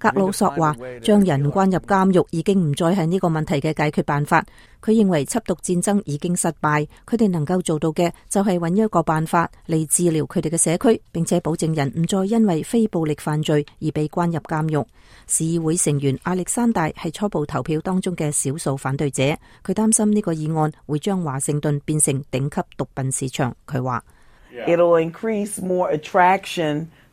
格魯索話：將人關入監獄已經唔再係呢個問題嘅解決辦法。佢認為緝毒戰爭已經失敗，佢哋能夠做到嘅就係揾一個辦法嚟治療佢哋嘅社區，並且保證人唔再因為非暴力犯罪而被關入監獄。市議會成員亞歷山大係初步投票當中嘅少數反對者，佢擔心呢個議案會將華盛頓變成頂級毒品市場。佢話：It'll increase more attraction。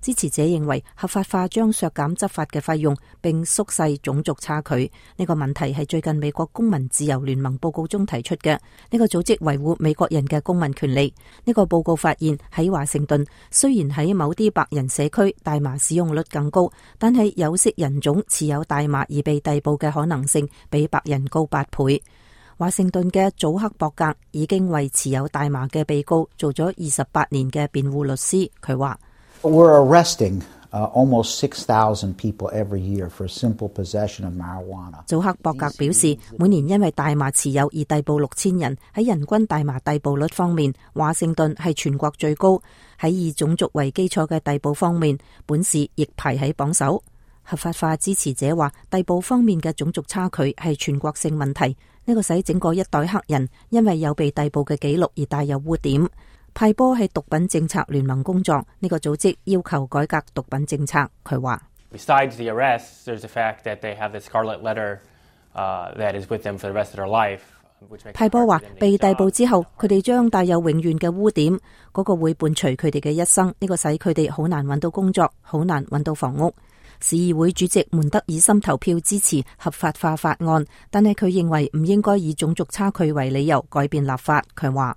支持者認為合法化將削減執法嘅費用，並縮細種族差距。呢個問題係最近美國公民自由聯盟報告中提出嘅。呢個組織維護美國人嘅公民權利。呢個報告發現喺華盛頓，雖然喺某啲白人社區大麻使用率更高，但係有色人種持有大麻而被逮捕嘅可能性比白人高八倍。華盛頓嘅祖克博格已經為持有大麻嘅被告做咗二十八年嘅辯護律師。佢話。祖克博格表示，每年因為大麻持有而逮捕六千人。喺人均大麻逮捕率方面，華盛頓係全國最高。喺以種族為基礎嘅逮捕方面，本市亦排喺榜首。合法化支持者話，逮捕方面嘅種族差距係全國性問題。呢個使整個一代黑人因為有被逮捕嘅記錄而帶有污點。派波係毒品政策聯盟工作呢、這個組織要求改革毒品政策，佢話。派波話，被逮捕之後，佢哋將帶有永遠嘅污點，嗰、那個會伴隨佢哋嘅一生，呢、這個使佢哋好難揾到工作，好難揾到房屋。市議會主席門德爾森投票支持合法化法案，但係佢認為唔應該以種族差距為理由改變立法，佢話。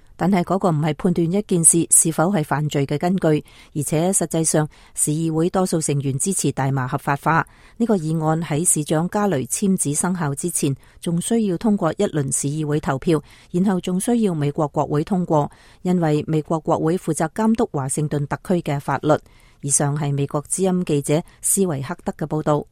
但係嗰個唔係判斷一件事是否係犯罪嘅根據，而且實際上市議會多數成員支持大麻合法化。呢個議案喺市長加雷簽字生效之前，仲需要通過一輪市議會投票，然後仲需要美國國會通過，因為美國國會負責監督華盛頓特區嘅法律。以上係美國之音記者斯維克德嘅報道。